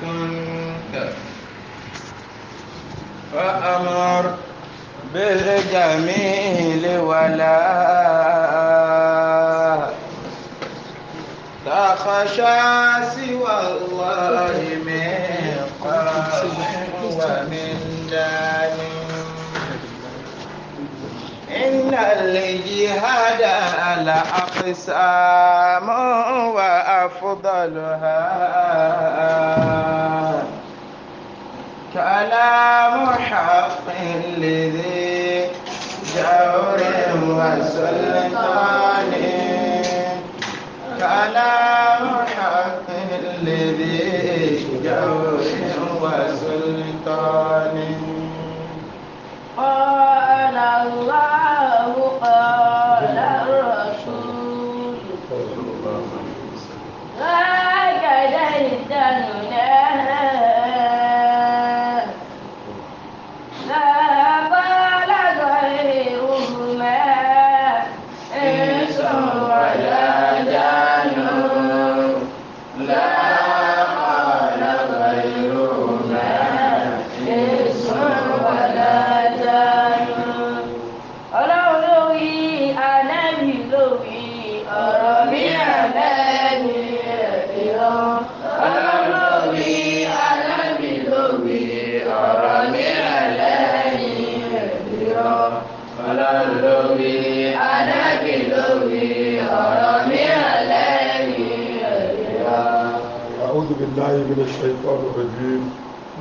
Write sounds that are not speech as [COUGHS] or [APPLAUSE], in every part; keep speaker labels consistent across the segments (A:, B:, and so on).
A: كنت فأمر بالجميل ولا تخشى سوى هدى أقسام وأفضلها كلام حق لذي جور وسلطان كلام حق لذي جور وسلطان قال الله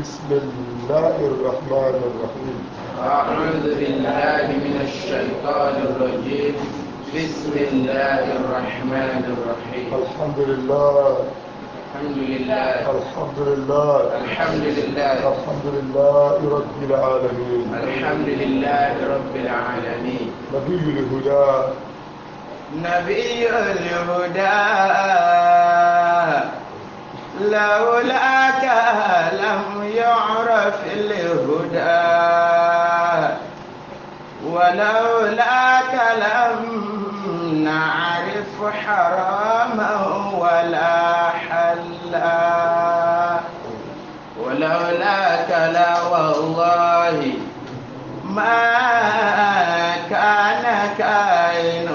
B: بسم الله الرحمن الرحيم
A: أعوذ بالله من الشيطان الرجيم بسم الله الرحمن الرحيم الحمد لله
B: الحمد لله الحمد لله الحمد لله الحمد لله رب العالمين الحمد لله رب العالمين نبي الهدى
A: نبي الهدى لولاك لم يعرف الهدى ولولاك لم نعرف حراما ولا حلا ولولاك لا والله ما كان كائن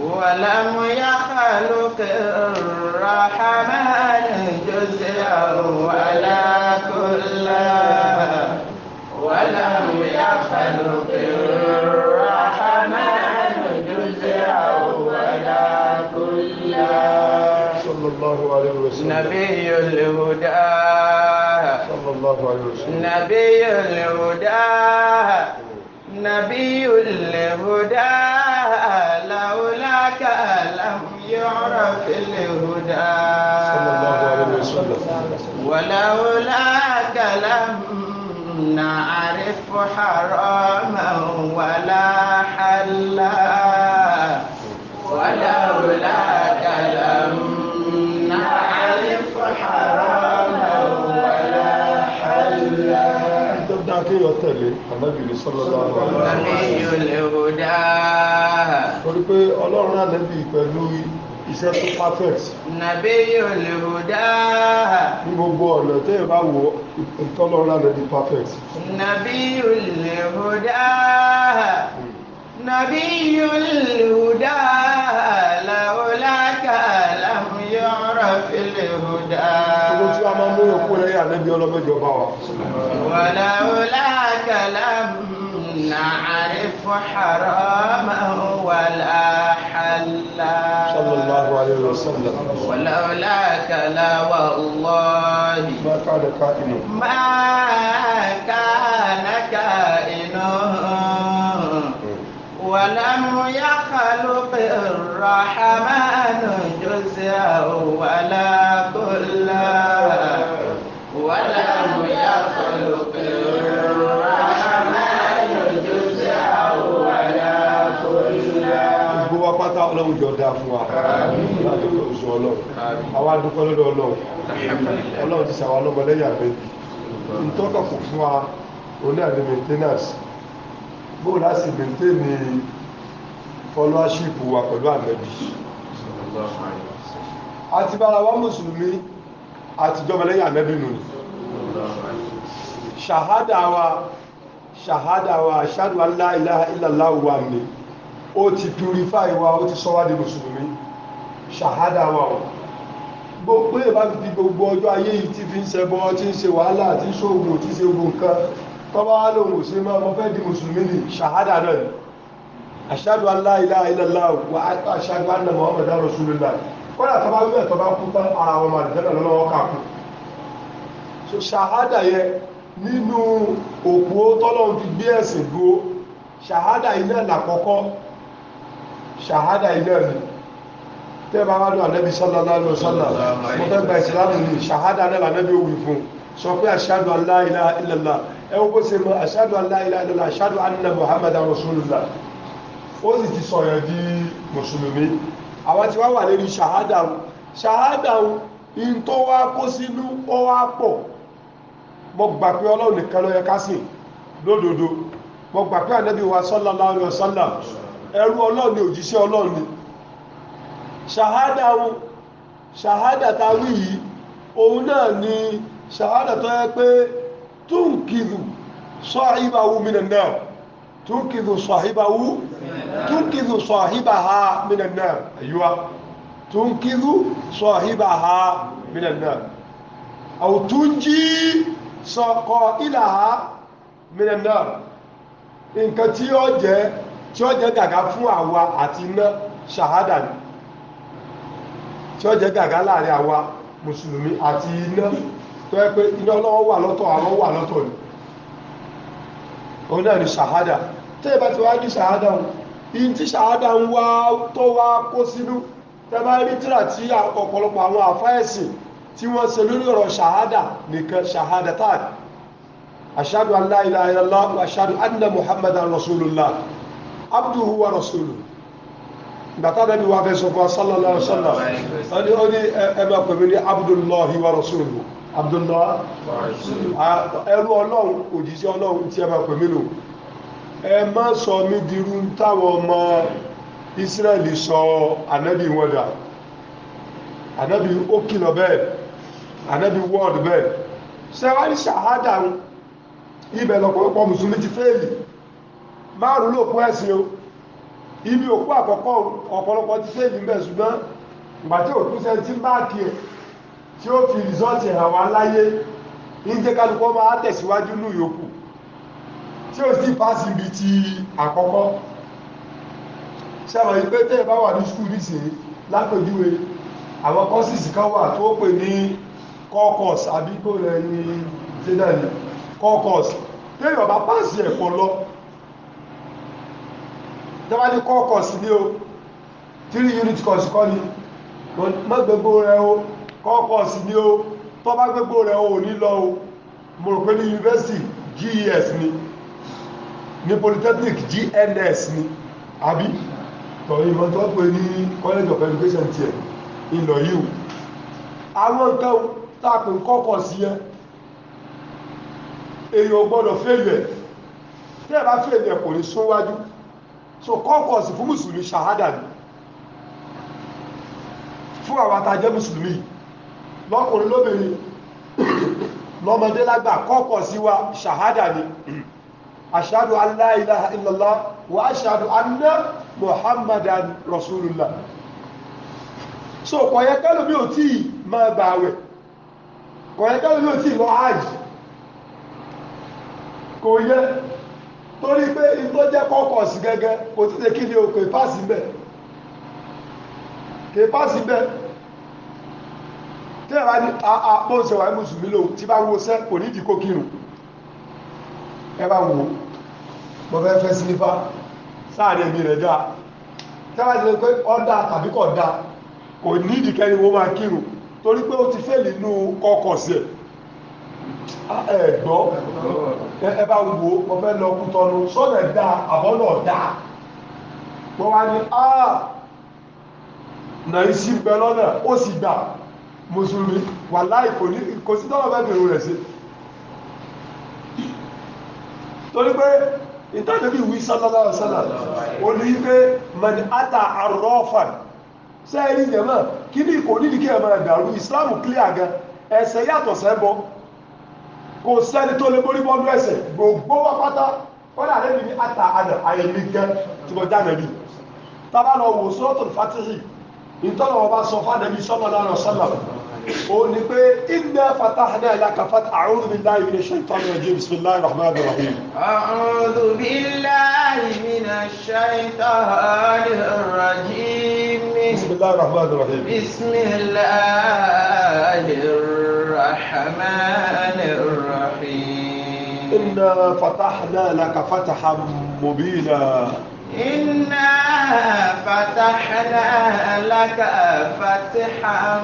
A: ولم يخلق الرحمن جزئه على كل ولم يخلق الرحمن صلى الله عليه وسلم نبي الهدى صلى الله عليه وسلم نبي الهدى نبي الهدى الهدى صلى الله عليه وسلم ولولاك لم نعرف حراما ولا حلا ولولاك لم نعرف حراما ولا
B: حلا dákẹ́ yọ tẹ̀lé ànábì ní sọ́lọ́dá àwọn ọ̀rọ̀. torí pé ọlọ́run ànábì pẹ̀lú iṣẹ́ tó
A: perfect nàbí yóò lè hù dáa. ní gbogbo ọ̀nà tẹ́ ẹ bá wo
B: ìtọ́lọ́ra rẹ̀ di perfect.
A: nàbí yóò lè hù dáa. nàbí yóò lè làwọláka làwọn yọrọ
B: fi lè tí a máa mú ikú rẹ̀ yà níbi ọlọ́mọdé ọba wa.
A: wàlàwọláka làwọn. نعرف حرامه ولا حلا صلى
B: الله عليه وسلم
A: ولولاك لا والله ما كان كائن ما كان كائن ولم يخلق الرحمن جزءا ولا كلا آه. ولا
B: ọlọ́run jọ dáa fún wa láti lọ oṣù ọlọ́run àwa dúpẹ́ lọ́dọ̀ ọlọ́run ọlọ́run ti sàwọn ọlọ́mọ lẹ́yìn àbẹ́bí ntọ́kọ̀ kò fún wa oní àdé maintenance bó láti maintain followership wa pẹ̀lú àbẹ́bí àti bára wa mùsùlùmí àti jọba lẹ́yìn àbẹ́bí nù ní ṣàhádà wa ṣàhádà wa ṣàdùn aláìláha ìlàláwà ni ó ti purify wa ó ti sọ wá di mùsùlùmí ṣàhádà wa o gbogbo ìbá fi gbogbo ọjọ́ ayé yìí ti fi ń ṣẹbọ ti ń ṣe wàhálà ti ń ṣoògùn ti ṣe ogun nǹkan tọ́ba wá lòun ò ṣe mọ́ ọmọ fẹ́ di mùsùlùmí ni ṣàhádà náà ni ashhadu an la ilaha illallah wa ashhadu anna muhammadan rasulullah kọ́lá tọ́ba wíwẹ̀ tọ́ba kú tán ara wọn máa dẹ̀dẹ̀ lọ́wọ́ kà kú so ṣàhádà yẹ nínú òpó tọ́lọ́run fi gbé ẹ̀sìn dúró ṣàhádà yìí náà làkọ́kọ́ ṣàhádà ilé ẹ̀mí tẹ́ bá wá lọ ànábì sallallahu alaihi wasallam mo fẹ́ gba ìsìlámù ní ṣàhádà náà lànàbí òwì fún sọ pé ashhadu an la ilaha illallah ẹ wọ́n bó ṣe mọ ashhadu an la ilaha illallah ashhadu anna muhammadan rasulullah ó sì ti sọ̀yàn di mùsùlùmí àwọn tí wọ́n wà lórí ṣàhádà ṣàhádà in tó wá kó sínú ó wá pọ̀ mo gbà pé ọlọ́run nìkan ló yẹ ká sìn lódodo mo gbà pé ànábì wa sallallahu alaihi wasallam ẹrú ọlọ́run ni òjíṣẹ́ ọlọ́run ni ṣàhádà wọn ṣàhádà tá a wí yìí òun náà ni ṣàhádà tó yẹ pé túnkìdù sọ àhíbáwú mìnà náà túnkìdù sọ àhíbáwú túnkìdù sọ àhíbáha mìnà náà àyíwá túnkìdù sọ àhíbáha mìnà náà àwùtúnjí sọkọ ìlàhá mìnà náà nǹkan tí ó jẹ́ tí ó jẹ́ gàgá fún àwa àti iná ṣàhádà ni tí ó jẹ́ gàgá láàrin àwa mùsùlùmí àti iná tó yẹ pé iná ọlọ́wọ́ wà lọ́tọ̀ àwọn wà lọ́tọ̀ ni òun náà ni ṣàhádà tẹ́ bá ti wá ní ṣàhádà wọn in tí ṣàhádà ń wá tó wá kó sínú tẹ́ bá rí tíra tí ọ̀pọ̀lọpọ̀ àwọn àfáẹ́sìn tí wọ́n ṣe lórí ọ̀rọ̀ ṣàhádà nìkan ṣàhádà táàdì ashadu an la ilaha illallah rasulullah abduhu wa rasuluhu gbàtàdà bí wà fẹ́ sọ fún sallallahu alaihi wasallam ọdí ọdí ẹgbà pẹ̀lú ní abdullahi wa rasuluhu abdullahi ẹrú ọlọ́run òjíṣẹ́ ọlọ́run tí ẹgbà pẹ̀lú ẹ má sọ mí dirú táwọn ọmọ israẹli sọ anabi wọn dà anabi ó kìlọ̀ bẹ́ẹ̀ anabi wọ́ọ̀d bẹ́ẹ̀ sẹ́wárí ṣàhádà ibẹ̀ lọ́pọ̀lọpọ̀ mùsùlùmí ti fẹ́ẹ̀lì márùn ló pọ́ ẹ̀sìn o ibi òkú àkọ́kọ́ ọ̀pọ̀lọpọ̀ ti ṣe ìdí bẹ́ẹ̀ ṣùgbọ́n ìgbà tí òkú ṣe ti máàkì ẹ̀ tí ó fi rìsọ́ọ̀tì hàn wá láyé ní jẹ́ kálukọ́ máa tẹ̀síwájú ní ìyókù tí ó sì pass ibi ti àkọ́kọ́ ṣàlàyé pé tẹ́ ẹ bá wà ní skul nísìnyí lápèjúwe àwọn kọ́sìsì kan wà tó pè ní kọ́kọ́s àbí kò rẹ̀ ní ṣẹ́dá ní kọ́kọ́s téèyàn bá pàṣẹ ẹ̀kọ́ lọ ìjọba ní kọ́ kọ̀ọ̀sì ní o three unit kọ̀ọ̀sì kọ́ ni mọ́ gbogbo rẹ̀ o kọ́ kọ̀ọ̀sì ní o tọ́ bá gbogbo rẹ̀ o ní lọ o mo pé ní university ges ni ní polytechnic gns ni àbí tọ̀yìn mọ́ tó pé ní college of education tiẹ̀ ìlọ yìí o àwọn nǹkan tàpé kọ́kọ̀ sí ẹ èèyàn gbọ́dọ̀ fẹ́lẹ̀ tí ẹ bá fẹ́lẹ̀ kò ní súnwájú so kọ́kọ́sì fún mùsùlùmí ṣàhádà ni fún àwọn àtàjẹ́ mùsùlùmí lọ́kùnrin lóbìnrin [COUGHS] lọ́mọdé lágbà kọ́kọ́sì wa ṣàhádà ni ashadu an la ilaha illallah wa ashadu anna muhammadan rasulullah so kọ̀yẹ́kẹ́lò bí ò tí ma gbàwẹ̀ kọ̀yẹ́kẹ́lò bí ò tí lọ hajj kò yẹ torí pé in tó jẹ́ kọ́kọ̀sì gẹ́gẹ́ kò tí ṣe kí ni o kò ìpáàsì bẹ̀ kò tí ẹ̀rọ ni àpò ìṣẹ̀wà mùsùlùmí lòun tí bá wo sẹ́ kò ní ìdíkò kírun ẹbá wò ó fẹ́ fẹ́ sílífà sáàrin ẹ̀mí rẹ̀ tí wọ́n ti ẹ̀gbọ́ ẹ bá wo mo fẹ́ lọ kú tọ́nu sọ́nà dá àbọ̀ náà dá wọ́n wá ní a nàí sí bẹ lọ́nà ó sì gbà mùsùlùmí wà láì kò ní kò sí tọ́lọ̀ bẹ́ẹ̀ bẹ̀rù rẹ̀ sí torí pé wí ata arụrụ sẹ́yìn kí ni kò kí ẹ máa dàrú clear gan yàtọ̀ sẹ́bọ̀ kò sẹ́ni tó lè borí bọ́ọ̀lù ẹ̀sẹ̀ gbogbo wa pátá wọ́n àlẹ́ mi ní ata àdà àyẹ̀mí gan tí mo já nàbí tábà lọ wò suratul Fatihi ìtọ́nà wọn bá sọ fánàbí sallallahu alaihi wasallam ó ní pé inna fatahna laka fathan a'udhu billahi minash shaitanir rajim rahman rahmanir rahim.
A: a'udhu billahi minash shaitanir rajim.
B: bismillahir rahmanir
A: rahim. rahman rahmanir rahim.
B: إنا فتحنا لك فتحا مبينا
A: إنا فتحنا لك فتحا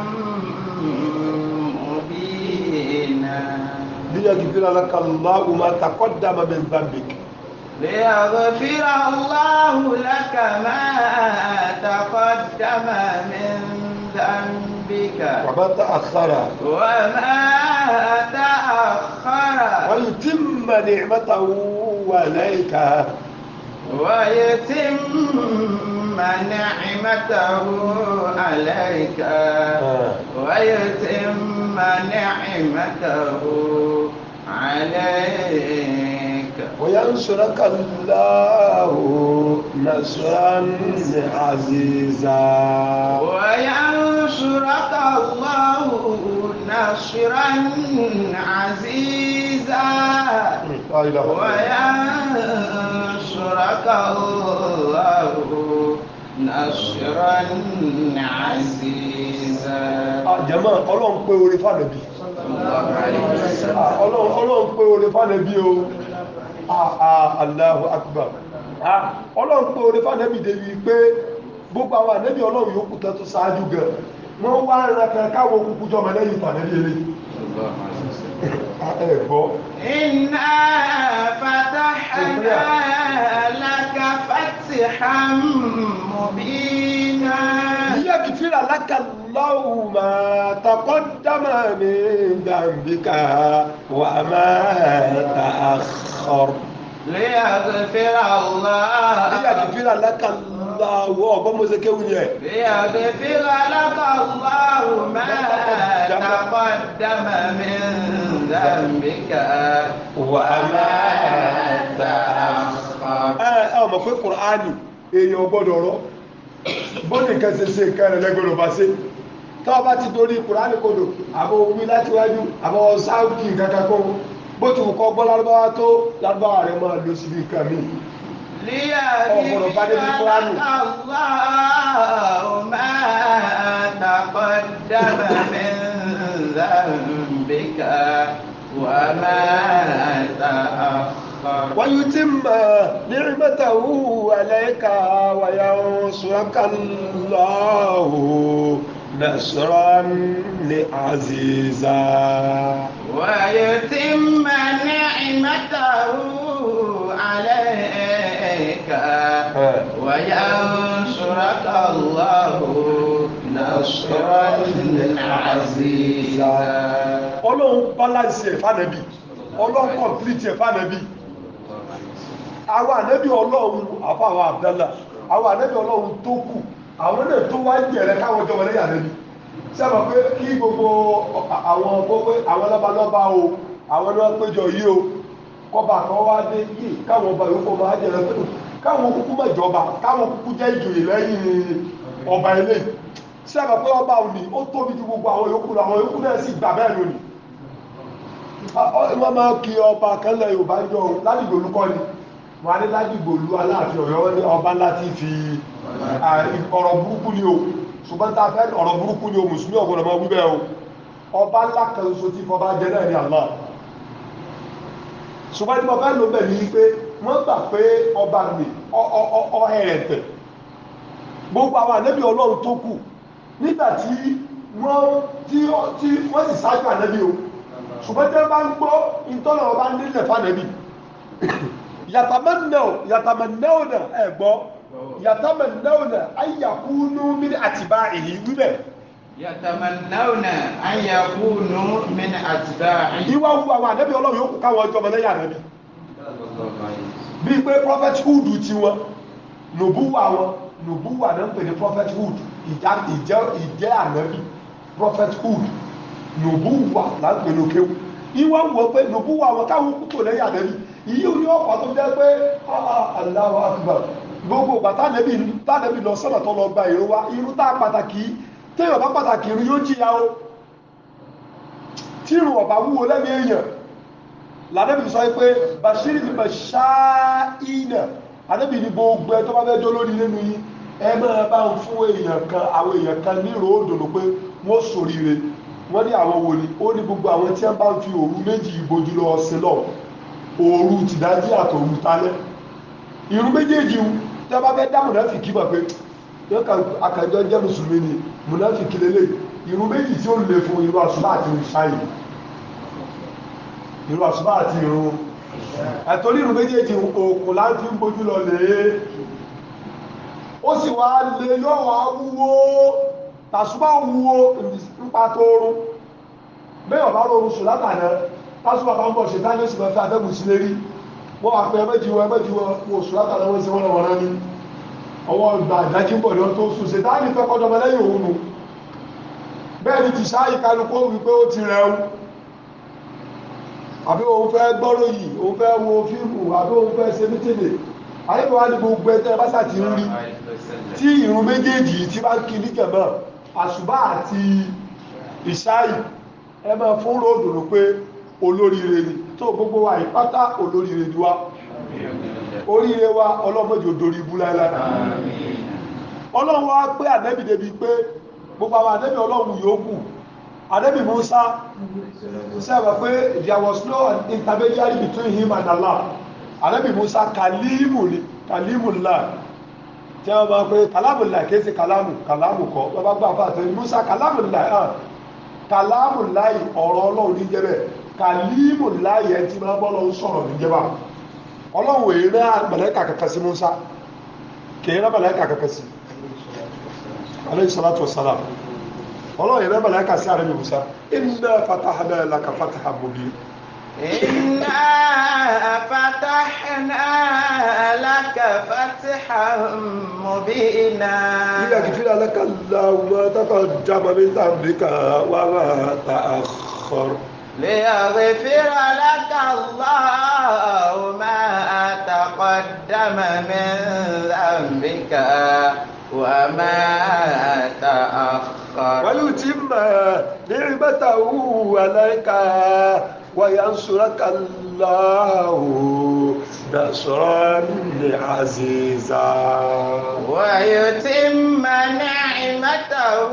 B: مبينا ليغفر لك الله ما تقدم من ذنبك
A: ليغفر الله لك ما تقدم من ذنبك
B: وما تأخر
A: وما تأخر ويتم ويتم نعمته عليك ويتم نعمته عليك ويتم نعمته عليك وينصرك الله
B: نصرا عزيزا
A: وينصرك الله نصرا عزيزا
B: الكتاب وينصرك
A: الله نصرا عزيزا
B: àjẹmọ́ ah, ọlọ́run pé orí fànàbí ah, ọlọ́run pé orí fànàbí o ah, Allahu Akbar ọlọ́run pé orí fànàbí débi pé gbogbo àwọn ànẹ́bí ọlọ́run yóò kú tẹ́tù ṣáájú gan wọ́n wá ń ra káwọn kúkú jọmọ lẹ́yìn fànàbí eléyìí إنا
A: فتحنا لك فتحا
B: مبينا ليغفر لك الله ما تقدم من ذنبك وما تأخر ليغفر الله ليغفر لك الله aláwọ̀ ọgbọ́n mo ṣe kéwù yẹn. bí ọ̀sẹ̀ fi
A: alákọ̀ wáhù máa
B: tàkọ̀ mi dàmbíkà wà máa tà ẹ ẹ ọmọ pé kùránì èèyàn gbọ́dọ̀ rọ ṣe ṣe bá ti kùránì kodò láti wájú kankan bó ti gbọ́ lárúbáwá tó lárúbáwá
A: الله ما تقدم ọ̀gbọ̀rọ̀ bá débi تأخر
B: ويتم نعمته عليك وينصرك الله نصرا لعزيزا ويتم
A: نعمته وينصرك الله نصرا
B: عزيزا ọlọ́run balance ẹ̀ e fànẹ́bí ọlọ́run complete ẹ̀ e fànẹ́bí àwọn ànẹ́bí ọlọ́run àfàwọn Abdallah àwọn ànẹ́bí ọlọ́run tó kù àwọn ẹ̀dẹ̀ tó wá jẹ̀rẹ̀ káwọn jọ wọlé yàrá pé kí gbogbo àwọn gbogbo àwọn lọ́balọ́ba o àwọn péjọ yìí o wá dé yìí káwọn ọba yòókù káwọn kúkú mẹ́jọba káwọn kúkú jẹ́ ìjòyè lẹ́yìn ọba ilé sí àgbà pé ọba òní ó tóbi ju gbogbo àwọn yòókù lọ àwọn yòókù náà sì gbà bẹ́ẹ̀ lónìí wọ́n máa kí ọba kanlẹ̀ yorùbá jọ ládìgbò olúkọ́ ni wọ́n á ní ládìgbò olú aláàfin ọ̀yọ́ ní o ṣùgbọ́n tá a fẹ́ ọ̀rọ̀ burúkú ni o mùsùlùmí wọ́n gbà pé ọba mi ọ̀hẹ́ rẹ̀ tẹ̀ gbogbo àwọn ànábì ọlọ́run tó kù nígbà tí wọ́n tí wọ́n sì ṣáájú ànábì o ṣùgbọ́n tí wọ́n bá ń gbọ́ ìtọ́nà ọba ń délẹ̀ fànábì yàtàmẹ́nẹ́ò yàtàmẹ́nẹ́ò nà ẹ̀ gbọ́ yàtàmẹ́nẹ́ò nà ayàkúnú mi àtìbá èyí wíbẹ̀
A: yàtàmànáwònà ayàkúnú mẹ́ni àtìbá.
B: ìwà wu àwọn ànábì ọlọ́run yóò kú káwọn ọjọ́ ọmọ lẹ́yìn ànábì bíi pé prophethood tiwọn nùbúwà wọn nùbúwà náà ń pè ní prophethood ìjẹ́ ànábì prophethood nùbúwà là ń pè ní òkèwù ìwọ ń wọ pé nùbúwà wọn káwọn kúkú lẹ́yìn ànábì ìyí ò ní ọ̀pọ̀ tó jẹ́ pé Allahu Akbar gbogbo ìgbà tánẹ́bì lọ sọ́nà tó lọ gba ìró wa irú tá pàtàkì téèyàn bá pàtàkì irú yóò jìyà o tí irun ọ̀bà wúwo lẹ́nu èèyàn lànàbì sọ pé bashiri ni bashaina ànàbì ni gbogbo ẹ tó bá fẹ́ jó lórí nínú yín ẹ máa bá ń fún èèyàn kan àwọn èèyàn kan ní ròódò ló pé wọ́n ṣoríire wọ́n ní àwọn wo ni ó ní gbogbo àwọn tí wọ́n bá ń fi òru méjì ìbojú lọ sí lọ òru tìdájí àtòru talẹ́ irú méjèèjì tẹ́ bá fẹ́ dá mùnáfìkì mọ̀ pé akànjọ jẹ́ mùsùlùmí ni mùnáfìkì lélẹ̀ irú méjì tí ó lè fún irú àṣùlá àti ìṣáyìí ìrù àṣùbá àti ìrù ẹ̀tọ́lì ìrù méjèèjì òkun láti ń bójú lọ lè ó sì wá lè yọ́wọ́ wúwo tàṣùbá wúwo nípa tóorun bẹ́ẹ̀ ọ̀bá rọrùn sùn látàná tàṣùbá bá ń bọ̀ ṣe táyé sì mẹ́fẹ́ afẹ́gùn sí lérí wọ́n wá pé ẹmẹ́jìwọ́ ẹmẹ́jìwọ́ wọ́n sùn látàná wọ́n sí wọ́n lọ́wọ́ rán ní ọwọ́ ìgbà ìdájí bọ̀ lọ tó sùn ṣe táyé fẹ́ kọ́dọ̀mọlẹ́yìn òun nù bẹ́ẹ̀ ni tìṣáà ìkálukú wípé ti rẹ̀ àbí òun fẹ́ gbọ́rọ̀ yìí òun fẹ́ wo fíìmù àbí òun fẹ́ ṣe mítìnì àyẹ̀wò wa ni gbogbo ẹ̀tẹ́ bá sàtì ń rí tí ìrun méjèèjì tí bá kí ní kẹ̀mọ́ àṣùbá àti ìṣáì ẹ máa fún ròdò rò pé olóríire ni tó gbogbo wa ìpátá olóríire ni wa oríire wa ọlọ́mọdé odori ibú láíláí ọlọ́run wa pé ànẹ́bì débi pé gbogbo àwọn ànẹ́bì ọlọ́run yòókù Adébì Musa sẹ́wọ̀ pé there was no intermediary between him and Allah. Adébì Musa kàlímù kàlímù là tí wọ́n máa pé kàlámù là kìí ṣe kàlámù kàlámù kọ́ wọ́n bá gbà àtẹ̀yìn Musa kàlámù là hàn ah, kàlámù láì ọ̀rọ̀ Ọlọ́run ní jẹ́bẹ̀ kàlímù láì ẹ̀ tí máa bọ́ lọ́wọ́ sọ̀rọ̀ ní jẹ́bà Ọlọ́run èrè màláíkà kankan sí Musa kìí rẹ́ màláíkà kankan sí alayhi salatu wa salam. الله يا بابا لك سعر موسى إنا فتحنا لك فتحا مبينا
A: إنا فتحنا لك فتحا مبينا
B: يغفر لك الله ما تقدم من ذنبك وما تأخر ليغفر
A: لك الله ما تقدم من ذنبك وما تأخر
B: ويتم نعمته عليك وينصرك الله نصرا عزيزا ويتم
A: نعمته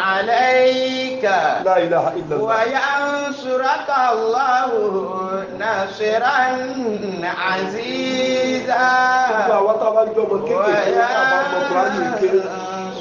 A: عليك
B: لا إله إلا الله
A: وينصرك الله نصرا عزيزا
B: وينصرك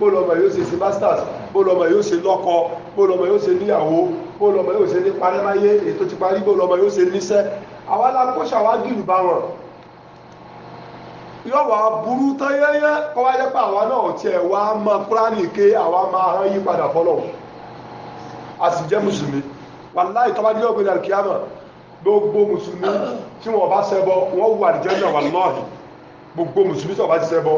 B: bó lọ́mọ yóò ṣe ṣe masters bó lọ́mọ yóò ṣe lọ́kọ bó lọ́mọ yóò ṣe níyàwó bó lọ́mọ yóò ṣe ní parímáyé ètò ti parí bó lọ́mọ yóò ṣe níṣẹ́ àwa la kó ṣàwágìrì bá wọn yóò wá burú tán yẹ́yẹ́ kọ́ wáyé pé àwa náà tiẹ̀ wá mọ kúránì ké àwa máa hán yí padà fọlọ́ a sì jẹ́ mùsùlùmí wàláì tọ́ba ní ọ̀gbìn àlùkìyàmọ̀ gbogbo mùsùlùmí tí wọ́n bá ṣẹbọ wọ́n wù àdìjẹ́ náà wàláì gbogbo mùsùlùmí tí wọ́n bá ṣẹbọ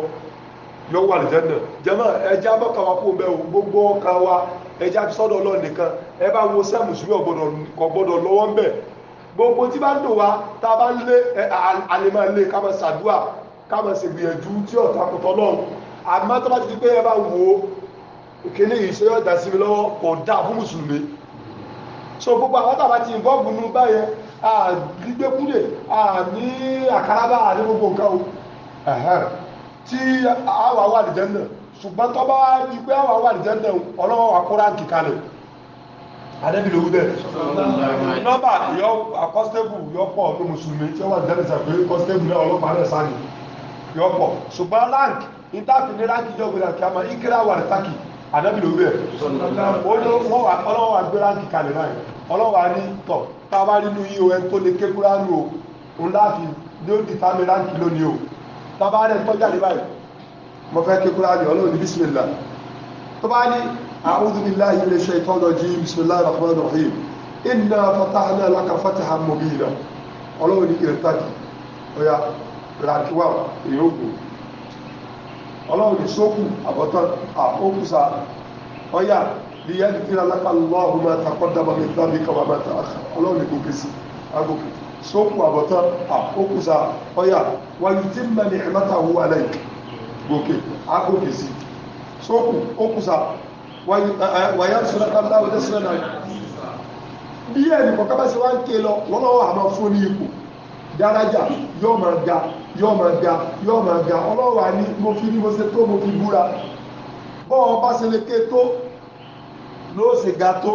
B: yọ wà lìjẹ́ náà jẹ́mọ́ ẹja bọ́kàn wa kó bẹ́ o gbogbo ọkàn wa ẹja fi sọ́dọ̀ ọlọ́run nìkan ẹ bá wo sẹ́ mùsùlùmí kò gbọ́dọ̀ lọ́wọ́ ń bẹ̀ gbogbo tí bá ń dùn wa tá bá ń lé àlèmọ́ lé ká máa ṣàdúà ká máa ṣègbìyànjú tí ọ̀tá kò tọ́lọ́run àmọ́ tó bá ti di pé ẹ wo ìkéde yìí ṣe yọ̀dà sí mi lọ́wọ́ kò dáa fún mùsùlùmí so gbogbo àwọn tàbá ti involve nù báyẹn àgbígbékúndè àní àkàràbà àní gbogbo nǹkan o tí àwa wà lìjẹ́ náà ṣùgbọ́n tó bá di pé àwa wà lìjẹ́ náà ọlọ́wọ́ wa kó ráǹkì kalẹ̀ adébìlì owó bẹ́ẹ̀ nọ́mbà yọ àkọ́sítẹ́bù yọ pọ̀ ní mùsùlùmí tí wọ́n jẹ́ nìsà pé kọ́sítẹ́bù náà ọlọ́pàá rẹ̀ sáàyè yọ pọ̀ ṣùgbọ́n ráǹkì ìtàkì ní ráǹkì jọ gbéra kí a máa ìkírà wà ní tákì adébìlì owó bẹ́ẹ̀ bàbá rẹ̀ tó jáde báyìí mo fẹ́ kí kúránì ọlọ́run ní bísímìlá tó bá ní a'udhu billahi minash shaitanir rajim bismillahir rahmanir rahim inna fatahna laka fatahan mubina ọlọ́run ní ìrẹ́tàjì ọ̀yà ràkíwá ìyókù ọlọ́run ní sókù àbọ̀tán àkókùsà ọ̀yà liyadfira laka Allahu ma taqaddama min dhanbika wa ma ní gòkè sí agòkè sókun àbọ̀tán àkókùsà ọyà wáyé tí mẹ́ni ẹ̀mẹ́ta wú alẹ́ gòkè àkókè sí sókun ókùsà wáyé sọ́nà kábílá wọ́n tẹ́sílẹ̀ náà bí ẹni kọ̀ọ̀kan bá ṣe wá ń ké lọ wọ́n lọ́wọ́ àmọ́ fún ní ipò dárájà yóò máa ga yóò máa ga yóò máa ga ọlọ́wà ní mo fi ní mo ṣe tó mo fi búra bọ́ọ̀ bá ṣe lè ké tó ló ṣe ga tó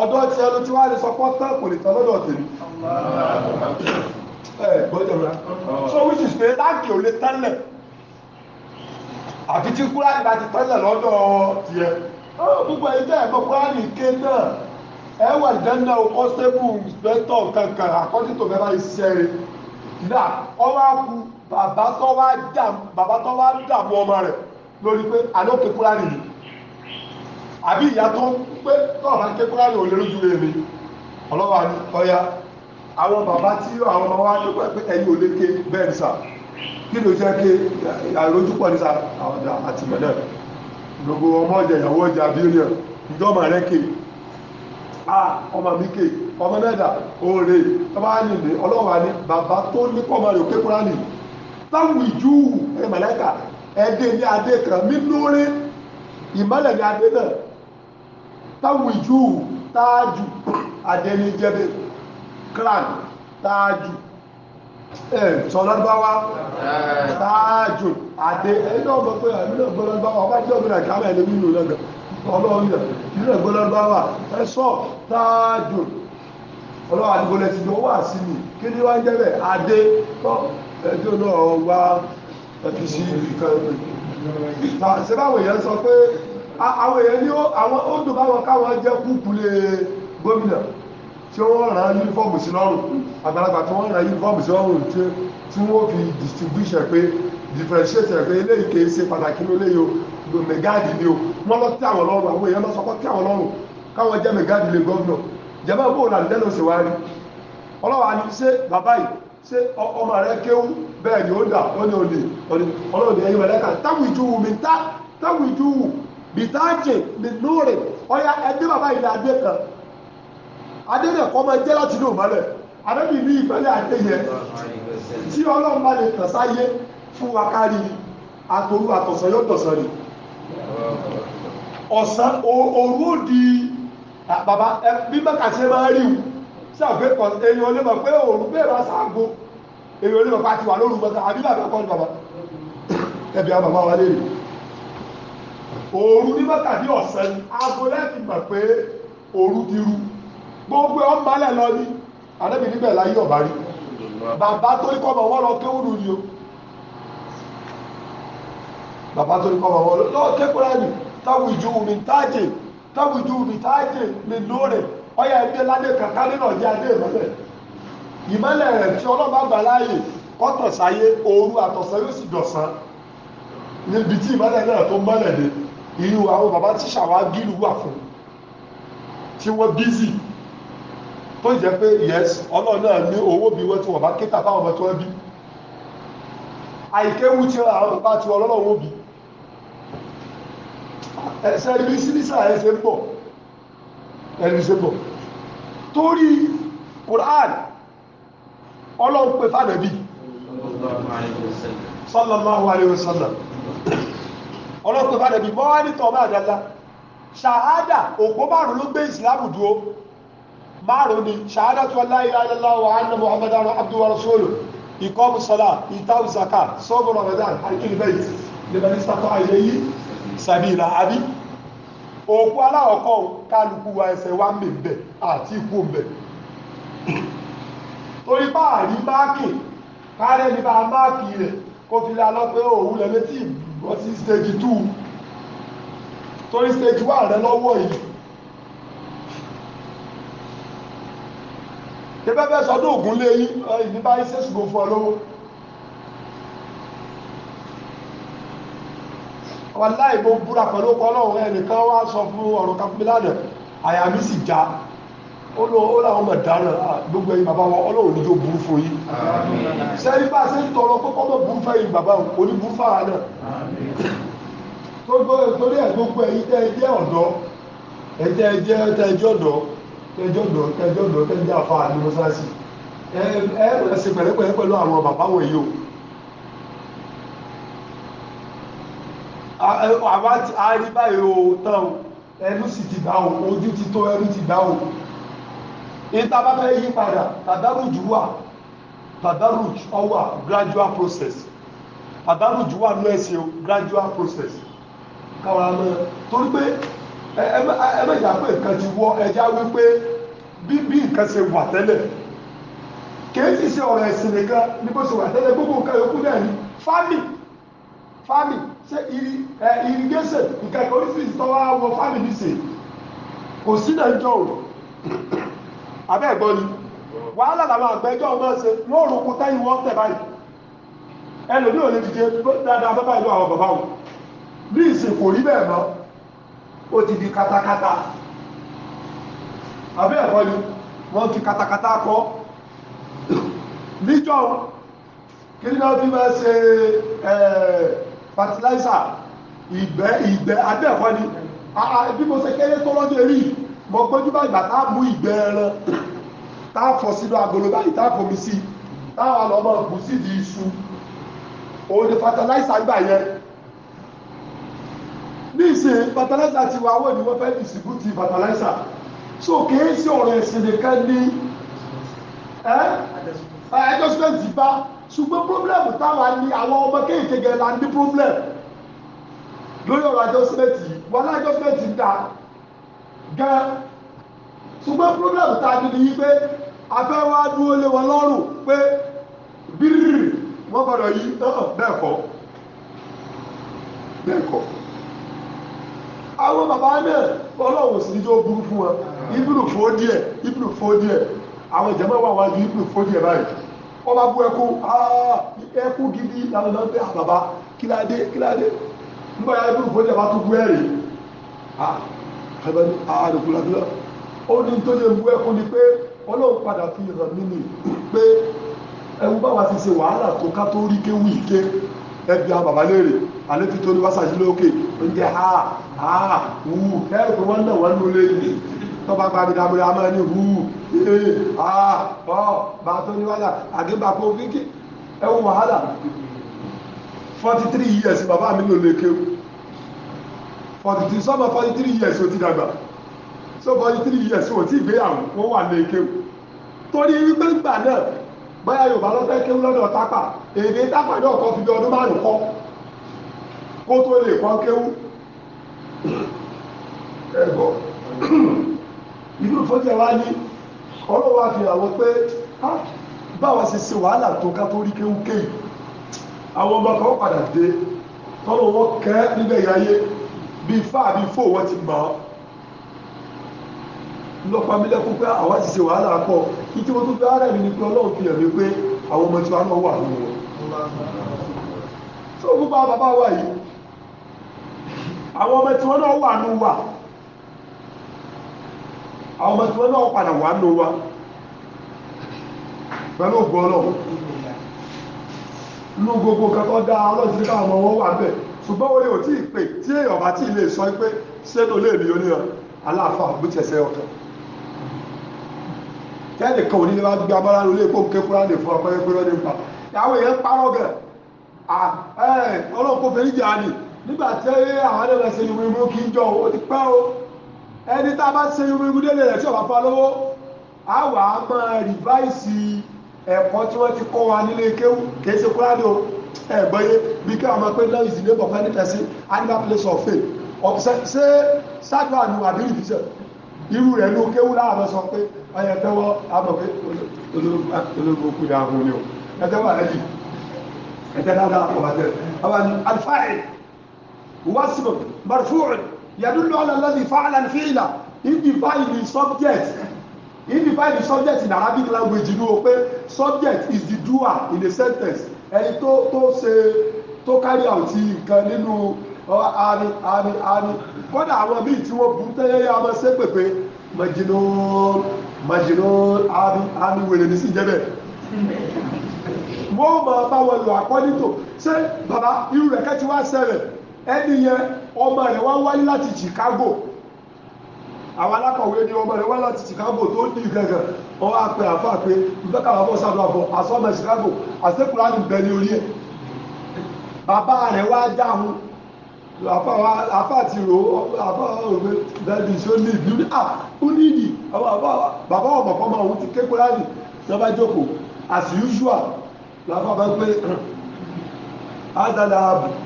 B: ọ̀dọ́ tí ẹnu tí wàá lè sọ pọ́ tán kò lè tán lọ́dọ̀ tèmi ẹ gbọ́dọ̀ rà so which is pé láǹkì ò lè tẹ́lẹ̀ àfi tí kúránì bá ti tẹ́lẹ̀ lọ́dọ̀ tiẹ̀ oh, gbogbo ẹ̀yin tẹ́ ẹ̀ mọ̀ kúránì ké náà ẹ wà dáná o constable inspector kankan according to bẹ́ẹ̀ bá yìí ṣiṣẹ́ rẹ̀ náà ọmọ akú bàbá tó wá dààmú ọmọ rẹ̀ lórí pé àná ké kúránì yìí àbí ìyá tó pé tọ́ọ̀rọ̀ ké kúránì ò lè rújú rẹ̀ mi ọlọ́wà ni ọ̀ya àwọn bàbá tí àwọn ọmọ wa ló pẹ́ ẹ̀yìn òlékè bẹ́ẹ̀ sà kí ló jẹ́ kí àìrójúpọ̀ ní sà àwọn àti mẹ́lẹ̀ gbogbo ọmọ ọjà ìyàwó ọjà bílíọ̀n ìjọba rẹ̀ kè á ọmọ mi kè ọmọ mẹ́ta òòrè ọba nìlè ọlọ́wà ni bàbá tó ní kọ́mọ rẹ̀ kékeré nì táwọn ìjú ẹ̀ mọ̀lẹ́kà ẹ̀dẹ́ ní adé kan mí lórí ìmọ̀lẹ̀ ní adé náà táwọn ìjú táàjù adé ní jẹ́bẹ̀ẹ́ crown táájù ẹ sọ lọ́dúnbáwá táájù àdé ẹni náà mọ̀ pé àmì náà gbọ́dọ̀ bá wà ọba jẹ́ òmìnira kí á bẹ̀rẹ̀ nínú lọ́gà ọlọ́run yẹn ìlú náà gbọ́dọ̀ bá wà ẹ sọ táájù ọlọ́run àdúgbò lẹ́sìn ló wà sí mi kí ni wọ́n ń jẹ́ bẹ́ẹ̀ àdé ẹjọ́ náà wá ẹbí sí ìkan ẹgbẹ́ ṣe báwọn èèyàn sọ pé àwọn èèyàn ní àwọn ó dùn báwọn káwọn tí ó rán yúnífọ́ọ̀mù sí lọ́rùn àgbàlagbà tí wọ́n rán yúnífọ́ọ̀mù sí lọ́rùn tí wọ́n fi distribution pé differentiate pé eléyìí kìí ṣe pàtàkì ló léyò mẹgáàdì ni o wọ́n lọ tí àwọn lọ́rùn àwọn èèyàn lọ tí àwọn lọ́rùn káwọn jẹ́ mẹgáàdì bó o ọlọ́wà ni ó dà ní ẹ̀yìn adẹ́rẹ̀kọ́ máa jẹ́ láti lò mọ́lẹ̀ àdébì ní ìmọ́lẹ̀ àdéyẹ tí ọlọ́run bá lè tàn sáyé fún wa kárí àtòrú àtọ̀sán yóò tọ̀sán ni ọ̀sán òru ó di bàbá bí mẹ́kàṣe máa rí wù sí àgbẹ̀ kan èyí ò lè mọ̀ pé òru bẹ́ẹ̀ bá sáàgbó èyí ò lè mọ̀ pé àti wà lóru mọ́ta àbí bàbá kan bàbá ẹbí a bàbá wa lè rí òru ní mẹ́kàṣe ọ̀sán ni aago lẹ́ẹ̀kì mọ̀ pé òru ti rú gbogbo ẹ̀ ọmọ alẹ́ lọ ní àdébí níbẹ̀ láyé ọ̀bá rí bàbá tó ní kọ́mọ wọn lọ kéwùrú ni o bàbá tó ní kọ́mọ wọn lọ kéwùrú ni táwọn ìjọ omi táàjè táwọn ìjọ omi táàjè lè lóore ọyà ẹgbẹ́ ládé kàkà nínú ọjà dé ìmọ́lẹ̀ ìmọ́lẹ̀ rẹ̀ tí ọlọ́ba gbà láàyè kọ́tọ̀sáyé ooru àtọ̀sán yóò sì dọ̀sán níbi tí ìmọ́lẹ̀ náà tó mọ́lẹ̀ dé irú àwọn bàbá tíṣà wa gírù wà fún tí wọ́n bízì tó jẹ́ pé yes ọlọ́run náà ní owó bí wọ́n tí wọ́n bá kíta fáwọn ọmọ tó wọ́n bí àìkéwu tí àwọn bàbá tí ọlọ́run ó bí ẹ̀sẹ̀ ibi ṣe torí Qur'an ọlọ́run pè fàdẹ̀bí ọlọ́run márùn ni ṣahadatu la ilaha illallah wa anna muhammadan abduhu wa rasuluhu ìkọ́mù sọlá ìtàwù zaka sọ́mù ramadan alkil bayt lebanon sọ́tọ̀ àìlẹ́yí sàbílà àbí òkú aláwọ̀kọ́ kálukú wa ẹsẹ̀ wa mẹ́bẹ̀ àti ikú mẹ́ torí bá àrí máàkì kárẹ́ ní bá máàkì rẹ̀ kó fi lálọ́ pé òun lẹ́lẹ́ tí sí stage 2 torí stage 1 rẹ̀ lọ́wọ́ yìí tẹ́fẹ́ fẹ́ sọdún ògùn lé yín ìní bá ṣe ṣùgbọ́n fún ọ lówó. wàláì mo búra pẹ̀lú ọkọ ọlọ́run ẹnìkan wá sọ fún ọ̀rọ̀ kápẹ́lánà àyà mi sì já ó lọ ó làwọn ọmọ ìdáná gbogbo ẹyin bàbá wọn ọlọ́run níjó burú fún yín sẹ́yìn bá ṣe ń tọrọ kókó mọ̀ burú fẹ́yìn bàbá wọn kò ní burú fáwọn náà torí ẹ̀ gbogbo ẹ̀yin tẹ́ ẹ jẹ́ ọ̀dọ́ ẹ tẹ́ ẹ jẹ́ ọ̀dọ́ tẹjọ́ dọ̀ tẹjọ́ dọ̀ tẹjọ́ àfa àti mọ́sáàsì ẹ ẹ ẹsẹ pẹ̀lẹ́pẹ̀lẹ́ pẹ̀lú àwọn bàbá wọ̀nyí o. àwa arí báyìí o tán o ẹnu sì ti gbà o ojú ti tó ẹnu ti gbà o. ìta bá fẹ́ yí padà tàdárùjù wà tàdárùjù ọwà gradual process tàdárùjù wà lọ́ẹ̀sì o gradual process káwa mọ́ torí pé ẹ má jà pé nǹkan ti wọ ẹja wípé bí bí nǹkan ṣe wà tẹ́lẹ̀ kìí sì ṣe ọ̀rọ̀ ẹ̀sìn nìkan ní bó ṣe wà tẹ́lẹ̀ gbogbo nǹkan yòókù náà ní fámì fámì ṣe iri ẹ irigéṣẹ̀ nǹkan kan oríṣiríṣi tó wá wọ fámì ní sè kò sí náà jọ o [COUGHS] abẹ́ ẹ̀gbọ́n ni wàhálà làwọn àgbẹ̀jọ́ máa ṣe lóòrùn kúta ìwọ́n tẹ̀ báyìí ẹlòmíràn lè dìde dáadáa bábá ìlú àwọn bàbá o bí ìsìnkú rí bẹ́ẹ̀ náà ó ti di katakata àbẹ́ ẹ̀kọ́ ni wọ́n fi katakata kọ́ níjọ́ kí ni wọ́n fi máa ṣe fàtíláìsà ìgbẹ́ ìgbẹ́ àbẹ́ ẹ̀kọ́ ni bí mo ṣe kéré tó lọ́dún erí mo gbójú bá ìgbà tá a mú ìgbẹ́ ẹran tá a fọ̀ sínú agolo báyìí tá a fòmí sí táwọn àlọ́ ọmọ kù sí di iṣu òun ni fàtíláìsà gbà yẹn ní ìsìn fertilizer ti wà wọ́n ní wọ́n fẹ́ distribute fertilizer so kìí ṣe ọ̀rọ̀ ẹ̀sìn nìkan ní adjustment bá ṣùgbọ́n problem táwa ní àwọn ọmọ kéékèèké la ní problem lórí ọ̀rọ̀ adjustment yìí wọn ní adjustment ń da gan ṣùgbọ́n problem tá a ní ni yí pé afẹ́ wa dúró lé wọn lọ́rùn pé bírì wọ́n gbọ́dọ̀ yí bẹ́ẹ̀ kọ́ bẹ́ẹ̀ kọ́ àwọn bàbá náà ọlọ́run sì ní tó burú fún wọn ibùdó fò díẹ̀ ibùdó fò díẹ̀ àwọn ìjàmbá wà wájú ibùdó fò díẹ̀ báyìí wọ́n bá bú ẹkú ẹkú gidi làwọn náà bẹ àbàbà ah, kíládé kíládé nígbà yà ibùdó fò díẹ̀ bá tó bú ẹ̀rì ah, àbẹ̀ni àdùkúlàdúrà ah, ó ní tó lè bú ẹkú ni pé ọlọ́run padà fi hàn mí ni pé ẹwú báwa ti ṣe wàhálà tó ká tó rí ké ẹbí àwọn bàbá ah wù ẹ̀rù pé wọ́n náà wọ́n ló lé ní tó bá gba abidabura eh, ah, a máa ní wù ee ah ọ bá tó ní wàhálà àgébà kó kéèké ẹ̀wọ̀n wàhálà forty three years bàbá mi ló lè kéwù forty three sọ́mọ forty three years ó ti dàgbà so forty three years ó ti ìgbéyàwó wọ́n wà lè kéwù torí wípé gbà náà bóyá yorùbá lọ́fẹ́ kéwù lọ́dọ̀ tápà èdè tápà náà kọ́ fi bí ọdún márùn-ún kọ́ kó tó lè kọ́ kéwù. ẹbọ ìlú ìfọ́jẹ̀wá ní ọ̀rọ̀ wa fi àwọn pé báwa ṣe ṣe wàhálà tó ká tó rí kéwúké àwọn ọmọ kan padà dé tọ́lọ̀ wọn kẹ́ níbẹ̀ yáyé bíi fáà fóò wọ́n ti mọ̀ ọ́ lọ́pàá mílẹ̀ kó pé àwa ti ṣe wàhálà pọ̀ kí tí tún mi ni pé ọlọ́run fi pé àwọn wa. àwọn ọmọ tí wọ́n náà padà wà nù wa pẹ̀lú ògbọ́n náà nínú gbogbo nǹkan tó dá ọlọ́sìn káwọn ọmọ wọn wà bẹ́ẹ̀ ṣùgbọ́n wọlé ò tí ì pè tí èèyàn bá tí ì lè sọ pé sẹ́nu lè rí oníran aláàfà àbútẹ̀sẹ̀ ọ̀kan tẹ́lẹ̀ kan òní bá gbé abọ́lá lórí epo kékeré lè fún ọpẹ́ pé lọ́dún pa ìyàwó yẹn parọ́ gẹ̀ ọlọ́run kò fẹ́rí jà ní nígbà tí àwọn ẹni tá a bá ṣe irun délé rẹ̀ tí ọ̀bá fún wa lówó a wà á máa rìváìsì ẹ̀kọ́ tí wọ́n ti kọ́ wa nílé kéwù kì í ṣe kúrádì o ẹ̀ gbọ́yé bí kí àwọn ọmọ pé náà ìdílé bọ̀ fún ẹni tẹ̀sí animal place of faith ọ̀sẹ̀ ṣé ṣáàdùn àdùn àbí ìfisẹ̀ irú rẹ̀ ló kéwù láàárọ̀ sọ pé ọyẹ tẹ́wọ́ àbọ̀ pé olóògùn kúrò àwọn ni o ẹ tẹ́wọ́ àlẹ́ yìí ẹ tẹ́ dáadáa ọ̀bàtẹ́ ọ̀bàtẹ́ alfáì wàsíbù marfu'un yadullu ala alladhi fa'ala al-fi'la he define the subject if he define the subject in Arabic language you know pé subject is the doer in a sentence ẹni tó tó ṣe tó carry out nǹkan nínú ani ani ani kódà àwọn míì tí wọ́n bu tẹ́yẹ́yẹ́ ọmọ sẹ́pẹ̀pẹ́ majinun majinun ani ani wèrè ní sí jẹ́bẹ̀ wọ́n máa bá wọn lò àkọ́nítò ṣé bàbá irú rẹ̀ kẹ́ wá sẹ́rẹ̀ ẹni yẹn ọmọ rẹ̀ wá wáyé láti Chicago àwọn alákọ̀wé ni ọmọ rẹ̀ wá láti Chicago tó ní gẹ̀gẹ̀ wọ́n wá pè àfà pé ìfẹ́kà wà fọ́ sàdúrà fọ́ àsọ́mọ̀ Chicago àsẹ́kùnrin àti bẹ̀ ní orí ẹ̀ bàbá rẹ̀ wá dáhùn àfà ti rò àfà òwe bẹ́ẹ̀ni tí ó ní ìlú ní à ó ní ìdí bàbá ọmọ kan máa wọ́n ti ké kúránì tí wọ́n bá jókòó as usual làfà bá pé àdàlà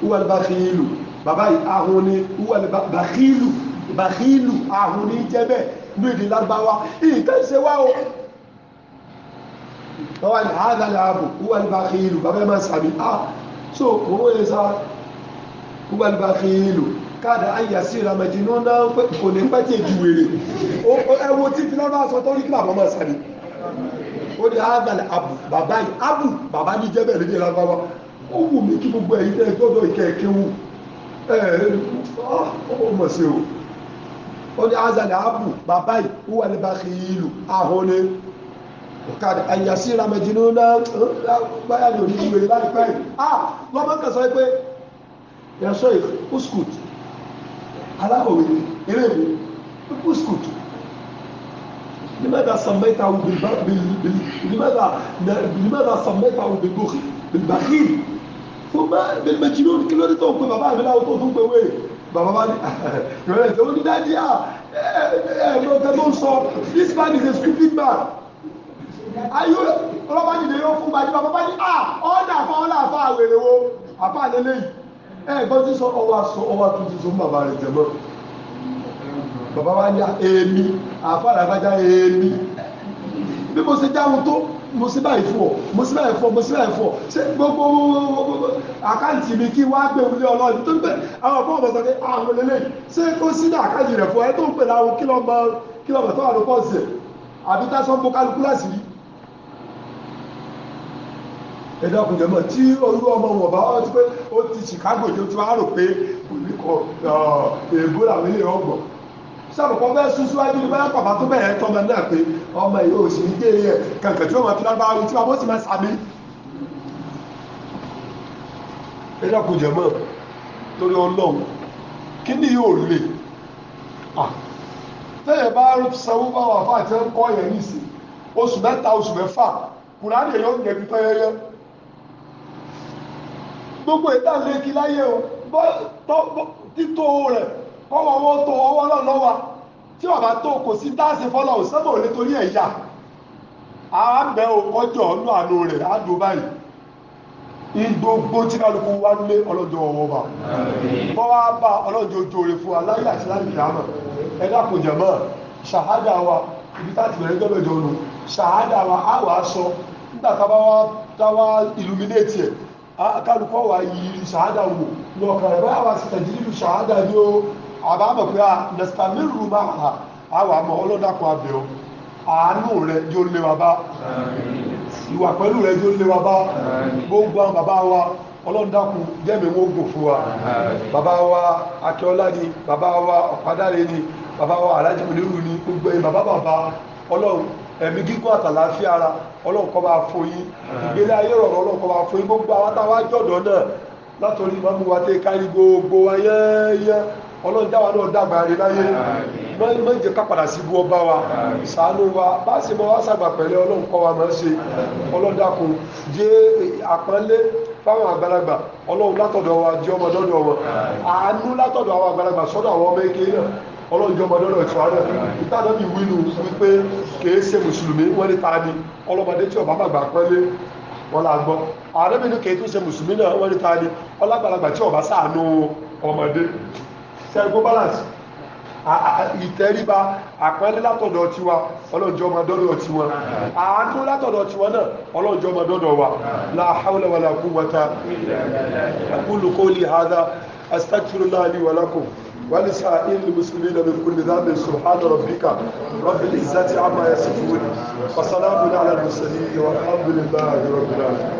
B: wàlúbàkì ìlú bàbá yìí ahun ni wúwẹ́lẹ̀ bàkílù bàkílù ahun ni jẹ́ bẹ́ẹ̀ ní èdè lágbáwá ìtẹ́sẹ̀ wá o wọ́n wá ní àádálẹ̀ ààbò wúwẹ́lẹ̀ bàkílù bàbá yẹn máa sàmì á ah, so òun yẹn sá wúwẹ́lẹ̀ bàkílù káàdà ayé sí ìrànmẹ̀jì ní wọ́n náà kò ní pẹ́ tí èjì wèrè ẹwọ títí lọ́dọ̀ aṣọ tó rí kílàbọ̀ máa sàmì ó ní àádálẹ̀ ààbò bàbá yìí ààbò bàbá ní jẹ́ bẹ́ẹ̀ ó mọ̀ sí o ó ní azali abu bàbá yìí ó wà ní bàkìlù ahọ́nẹ́ ọ̀kadà àyàsí ramẹ̀jìnnú náà báyà ní oníṣẹ́ ìwé láti pẹ́ ah lọ́mọ kan sọ pé yẹsọ uskut alákọ̀wé eré mi uskut لماذا سميته بالبخل لماذا لماذا سميته بالبخل بالبخيل bá ẹgbẹ́ méjì lórí kí lórí tó ń pè bàbá mi láwùjọ tó ń pè wé bàbá bá ní [LAUGHS] ìrọ̀lẹ́ ìṣòro ní dájú à ẹ̀ẹ́dọ̀ tẹ ló ń sọ this man is a stupid man ayé ọlọ́pàá nìyẹn yóò fún bàjẹ́ bàbá bá ní à ọ̀dà àfa ọ̀dà àfa àwèrè wo àfa àlẹ́lẹ́ yìí ẹ̀ gbọ́n sọ ọwọ́ àṣọ ọwọ́ àtúntò sọ bàbá rẹ̀ jẹ̀ mọ́ bàbá bá ní èmi àfa àlàbájá èmi bí mo ṣe jáwó tó mo sí báyìí fún ọ mo sí báyìí fún ọ mo sí báyìí fún ọ ṣé gbogbo àkáǹtì mi kí wàá gbé wulẹ̀ ọlọ́run tó ń pè àwọn ọ̀pọ̀ ọ̀bọ̀ sọ̀rọ̀ ah, àwọn olèlè ṣé kó sí ní àkáǹtì rẹ̀ fún ẹ tó ń pè láwọn kílọ̀mọ̀ kílọ̀mọ̀ tó wà ló pọ̀ sí ẹ̀ àbí tásán bó kálukú láti rí. ẹ dákun jẹ́ mọ̀ tí olú ọmọ wọn bá ọ ti pé ó ti Chicago ni ti wá rò pé kò ní kọ èèbó làwọn ilé ọgbọ̀n sábàkọ bẹ́ẹ̀ sún síwájú ní báyà pàpà tó bẹ̀rẹ̀ tọmọ náà pé ọmọ yìí ò sì ní dé yẹ kankan tí wọn máa fi lágbára tí wọn sì máa sàmì. ẹ dákun jẹ mọ torí Ọlọ́run kí ni yóò lè tẹyẹ bá sanwó báwọn àfa àti ẹnkọ yẹn nìsín oṣù mẹ́ta oṣù mẹ́fà kùránì yóò yẹ bí tọyẹyẹ gbogbo ìtàn lè kí láyé o títò rẹ. kọ́wọ́ owó tó ọwọ́ tí wà bá tó kò sí dáàsì fọ́lọ́ òsèbò lè torí ẹ̀ yà á bẹ òkọ́jọ́ ọ̀nù àánú rẹ̀ á dùn báyìí tí kálukú wá lé ọlọ́jọ́ ọwọ́ bá bọ́ wá bá ọlọ́jọ́ fún aláyé àti láti ẹ dákun jẹ̀mọ́ ṣàhádà wa ibi táti bẹ̀rẹ̀ nu ṣàhádà wa wà yí ṣàhádà àbá ah, ah, mọ̀ pé nẹ̀sítà mẹ́rù máa hà àwọn àmọ́ ọlọ́dàkùn abẹ́ ọ àánú rẹ̀ yóò lé wa bá ìwà pẹ̀lú rẹ̀ yóò lé wa bá gbogbo àwọn bàbá wa ọlọ́dàkùn jẹ́mi wọ́n fún wa bàbá wa akẹ́ọ́lá ni bàbá wa ni bàbá wa bàbá bàbá ọlọ́run ẹ̀mí gígùn ara ọlọ́run bá fún yín ìgbélé ayé rọ̀rọ̀ ọlọ́run bá fún yín gbogbo àwọn táwa jọ̀dọ̀ náà látọ̀rí ọlọ́run náà dàgbà rí láyé má jẹ́ ká sí ọba wa ṣàánú wa bá sì mọ́ wá sàgbà pẹ̀lẹ́ ọlọ́run kọ́ wa máa ṣe ọlọ́run jẹ́ àpọ́nlé fáwọn àgbàlagbà ọlọ́run látọ̀dọ̀ wa jẹ́ wọn àánú látọ̀dọ̀ àwọn àgbàlagbà sọ́dọ̀ àwọn ọmọ náà ọlọ́run jẹ́ ìtàdọ́ mi wínú wípé ṣe mùsùlùmí wọ́n ní tani ọlọ́mọdé tí ọba pẹ́lẹ́ sẹ́gbó balance ìtẹríba àpẹẹlẹ látọ̀dọ̀ tiwa ọlọ́njọ́ ọmọ dọ́dọ̀ tiwọn àánú látọ̀dọ̀ tiwọn náà ọlọ́njọ́ ọmọ dọ́dọ̀ wa la hawla wala quwwata aqulu qawli hadha astaghfirullah li wa lakum ولسائر المسلمين من كل ذنب سبحان ربك رب العزة